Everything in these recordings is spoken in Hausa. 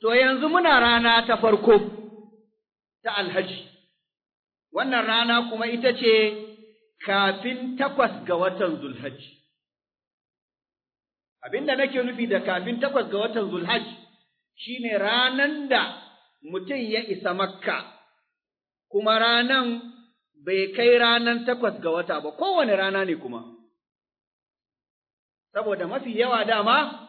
To yanzu muna rana ta farko ta alhaji, wannan rana kuma ita ce kafin takwas ga watan zulhaji. Abinda nake nufi da kafin takwas ga watan zulhaji shi ne ranan da mutum ya isa makka, kuma ranan bai kai ranan takwas ga wata ba, kowane rana ne kuma. Saboda mafi yawa dama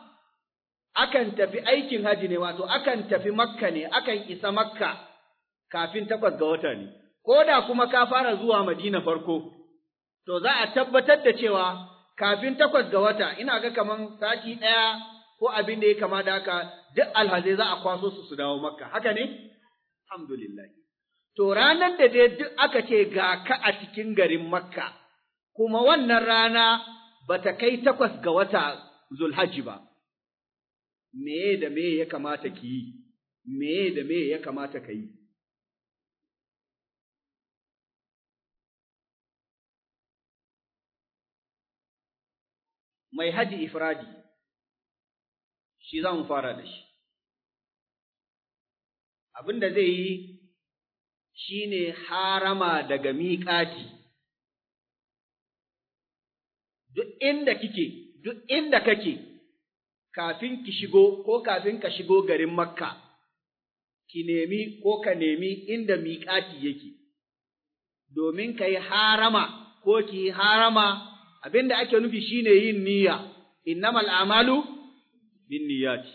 akan tafi aikin haji ne wato akan tafi makka ne akan isa makka kafin takwas ga wata ne ko da kuma ka fara zuwa madina farko to za a tabbatar da cewa kafin takwas ga wata ina ga kaman sati ɗaya ko abin da ya kama haka duk alhazai za a kwaso su su dawo makka haka ne alhamdulillah to ranar da dai duk aka ce ga ka a cikin garin makka kuma wannan rana ba ta kai takwas ga wata zulhaji ba me da me ya kamata ki yi, me da me ya kamata ka yi. Mai haji ifradi, shi za mu fara da shi. Abin da zai yi shi ne harama daga miƙati. Duk inda kike, duk inda kake, kafin ki shigo ko kafin ka shigo garin Makka, ki nemi ko ka nemi inda miƙati yake, domin ka yi harama ko ki yi harama abinda da ake nufi shine yin niyya, innamal amalu bin niyyati.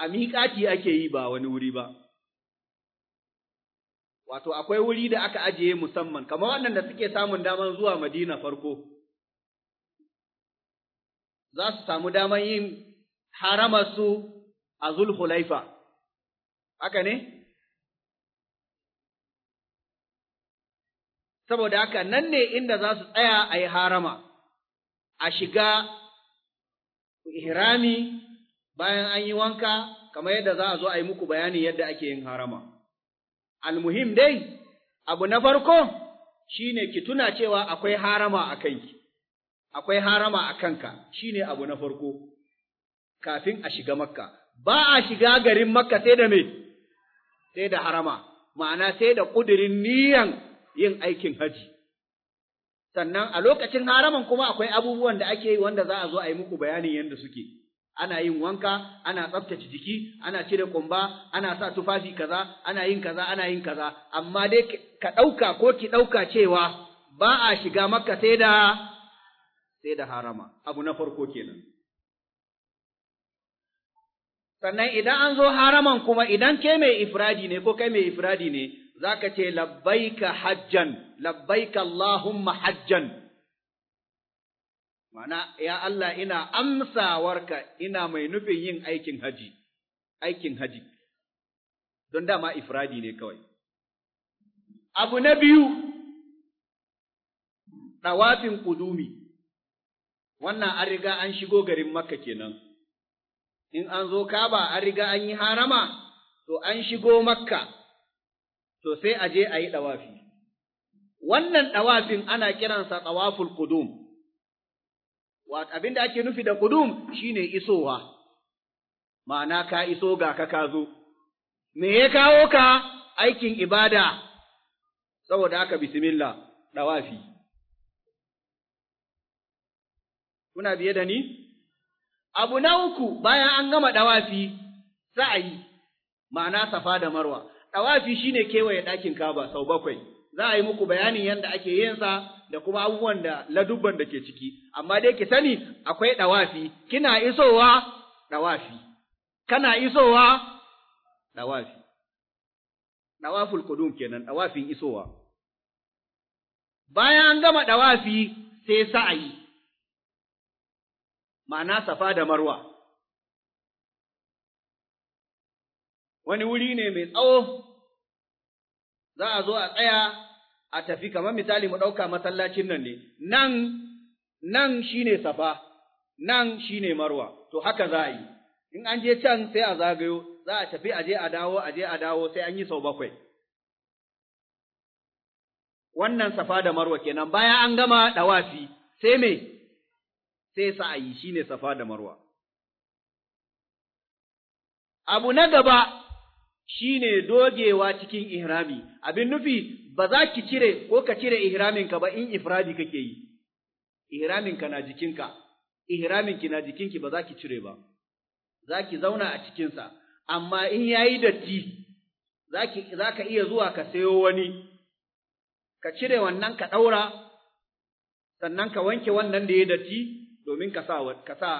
A miƙati ake yi ba wani wuri ba. Wato, akwai wuri da aka ajiye musamman, kamar wannan da suke samun daman zuwa Madina farko. za su samu damar yin su a Zulhulaifa, haka ne? Saboda haka nan ne inda za su tsaya a yi harama, a shiga ihrami bayan an yi wanka, kamar yadda za a zo a yi muku bayani yadda ake yin harama. Almuhim dai, abu na farko shi ne ki tuna cewa akwai harama a kanki. akwai harama a kanka, shi ne abu na farko, kafin a shiga makka. Ba a shiga garin makka sai da me, sai da harama, ma'ana sai da ƙudurin niyan yin aikin haji. Sannan a lokacin haraman kuma akwai abubuwan da ake yi wanda za a zo a yi muku bayanin yadda suke. ana yin wanka, ana tsaftace jiki, ana cire kumba, ana sa tufafi kaza, ana yin kaza, ana yin kaza, amma dai ka ɗauka ko ki ɗauka cewa ba a shiga Makka sai da sai da harama, abu na farko kenan. Sannan idan an zo haraman kuma idan ke mai ifradi ne ko kai mai ifradi ne, za ka ce labbaika hajjan, labbaika Allahumma hajjan. Mana, ya Allah ina amsawarka ina mai nufin yin aikin haji, aikin haji, don dama ifradi ne kawai. Abu na biyu, ɗawafin ƙudumi. wannan an riga an shigo garin Makka kenan. In an zo Kaba an riga an yi harama, to an shigo Makka, to sai a je a yi ɗawafi. Wannan ɗawafin ana kiransa ɗawaful kudum. Abin da ake nufi da kudum shine isowa, ma'ana ka iso ga ka ka zo. Me ya kawo ka aikin ibada, saboda haka bismillah, ɗawafi. kuna biye da ni? Abu na uku bayan an gama ɗawafi sa'ayi, ma'ana safa da marwa, ɗawafi shine ne kewaye ɗakin kaba sau bakwai, za a yi muku bayanin yadda ake yinsa da kuma abubuwan da ladubban da ke ciki, amma dai ki sani akwai ɗawafi, kina isowa ɗawafi, kana isowa ɗawafi. Ɗawaful kudum kenan, ɗawafin isowa. Bayan an gama ɗawafi sai sa'ayi. ma'ana safa da marwa. Wani wuri ne mai tsawo, za a zo a tsaya a tafi, kamar misali mu ɗauka masallacin nan ne, nan, nan shi ne safa, nan shi ne marwa, to haka za a yi, in an je can sai a zagayo, za a tafi a je a dawo, a je a dawo sai an yi sau bakwai. Wannan safa da marwa kenan, baya an gama ɗawafi, sai me? sai sa a sa'ayi shine safa da marwa. Abu na gaba shine dogewa cikin ihrami, abin nufi ba za ki cire ko ka cire ihraminka ba in ifradi kake yi, ihraminka na jikinka, ihraminki na jikinki ba za ki cire ba, za ki zauna a cikinsa, amma in ya yi datti za ka iya zuwa ka sayo wani, ka cire wannan ka ɗaura, sannan ka wanke wannan da ya datti, domin ka sa ka sa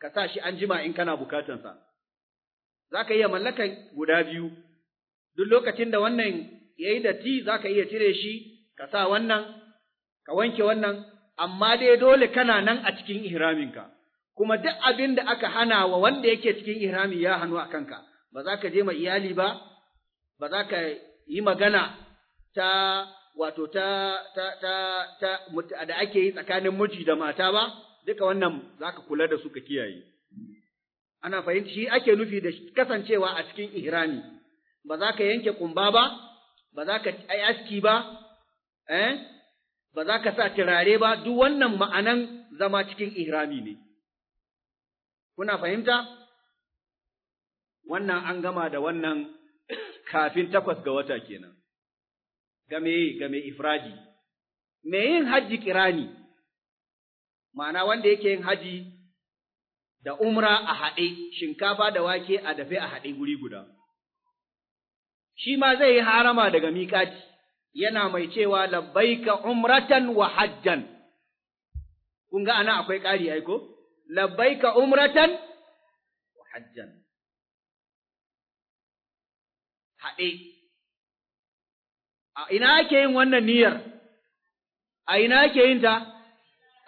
ka sa shi an jima in kana bukatansa. Za ka iya mallaka guda biyu, duk lokacin da wannan ya yi datti za ka iya cire shi, ka sa wannan, ka wanke wannan, amma dai dole kana nan a cikin ihraminka, kuma duk abin da aka hana wa wanda yake cikin ihrami ya hannu a kanka, ba za ka je ma iyali ba, ba za ka yi magana ta wato ta, ta, ta, da ake yi tsakanin miji da mata ba, duka wannan za ka kula da su ka kiyaye ana fahimta shi ake nufi da kasancewa a cikin ihrami ba za ka yanke kumba ba ba za ka ai aski ba eh ba za ka sa turare ba duk wannan ma'anan zama cikin ihrami ne kuna fahimta wannan an gama da wannan kafin takwas ga wata kenan game game ifradi me yin hajji kirani ma'ana wanda yake yin haji da umra a haɗe, shinkafa da wake a dafe a haɗe guri guda. Shi ma zai yi harama daga miƙaci, yana mai cewa labbaika umratan wa hajjan. Kun ga ana akwai ƙari aiko? Labbaika umratan wa hajjan. Haɗe. A ina ake yin wannan niyyar? A ina ake yin ta?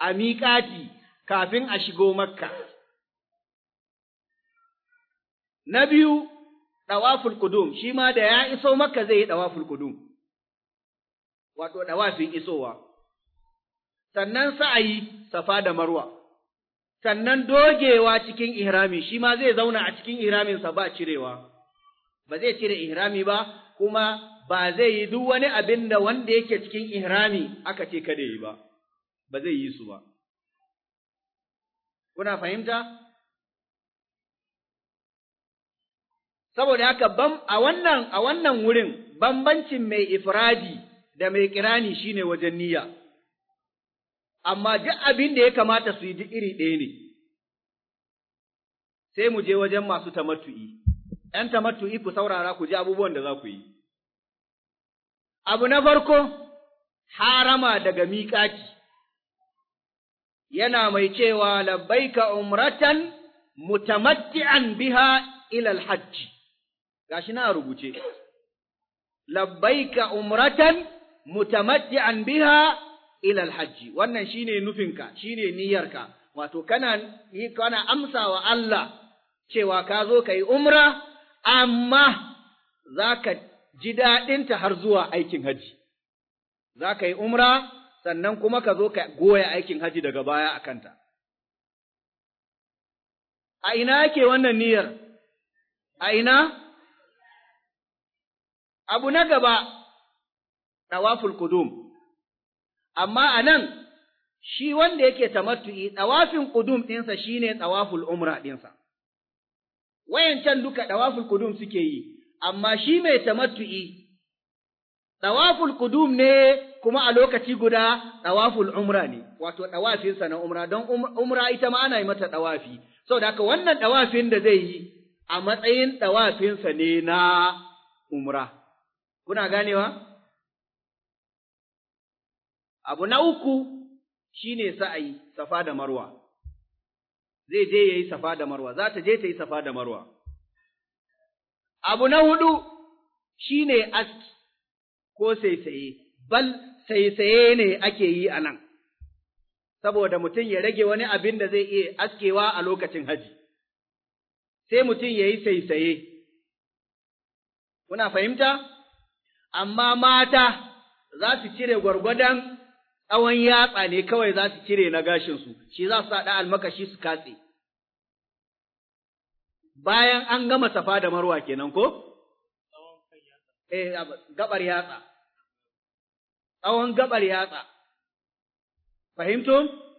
a miƙati kafin a shigo makka. Na biyu, ɗawafin kudum, shi ma da ya iso makka zai yi ɗawafin kudum, wato ɗawafin isowa. Sannan sa'ayi, safa da marwa, sannan dogewa cikin ihrami, shi ma zai zauna a cikin ihraminsa ba cirewa, ba zai cire ihrami ba, kuma ba zai yi duk wani abin da wanda yake cikin ihrami aka ce kada yi ba. ba zai yi su ba kuna fahimta saboda haka bam a wannan a wannan wurin bambancin mai ifradi da mai kirani shine wajen niyya amma duk abin da ya kamata su yi duk iri ɗaya ne sai mu je wajen masu tamatu'i, ‘yan tamattu'i ku saurara ku ji abubuwan da za ku yi abu na farko harama daga miƙaki. yana mai cewa labbaika umratan mutamatti'an biha ilal hajji. gashi na rubuce labbaika umratan mutamatti'an biha ilal hajji. wannan shine nufinka shine niyyarka wato kana kana amsawa Allah cewa ka zo ka yi umra amma za ka ji daɗinta har zuwa aikin hajji? za ka yi umra sannan kuma ka zo ka goya aikin haji daga baya a kanta. A ina yake wannan niyyar? A ina? Abu na gaba, ɗawaful kudum, amma a nan shi wanda yake tamattu'i ɗawafin kudum ɗinsa shi ne ɗawaful umra ɗinsa. Wayancan duka ɗawaful kudum suke yi, amma shi mai tamattu'i Ɗawaful kudum ne kuma a lokaci guda ɗawaful umra ne, wato ɗawafinsa na umra, don um, umra ita ma ana yi mata ɗawafi. Saboda haka wannan ɗawafin da zai yi a matsayin ɗawafinsa ne na umra. Kuna ganewa? Abu na uku shi ne sa'ayi, safa da marwa. Zai je ya yi safa da marwa, za ta je ta yi safa da marwa. Abu na hudu shi ne aski. ko saisaye, bal saisaye ne ake yi a nan, saboda mutum ya rage wani abin da zai iya askewa a lokacin haji, sai mutum ya yi saisaye. Kuna fahimta? Amma mata za su cire gwargwadon tsawon yatsa ne kawai za su cire na gashinsu, shi za su haɗa almakashi su katse. Bayan an gama safa da marwa kenan ko? Eh, gabar yatsa. tsawon gabar yatsa. Fahimtum?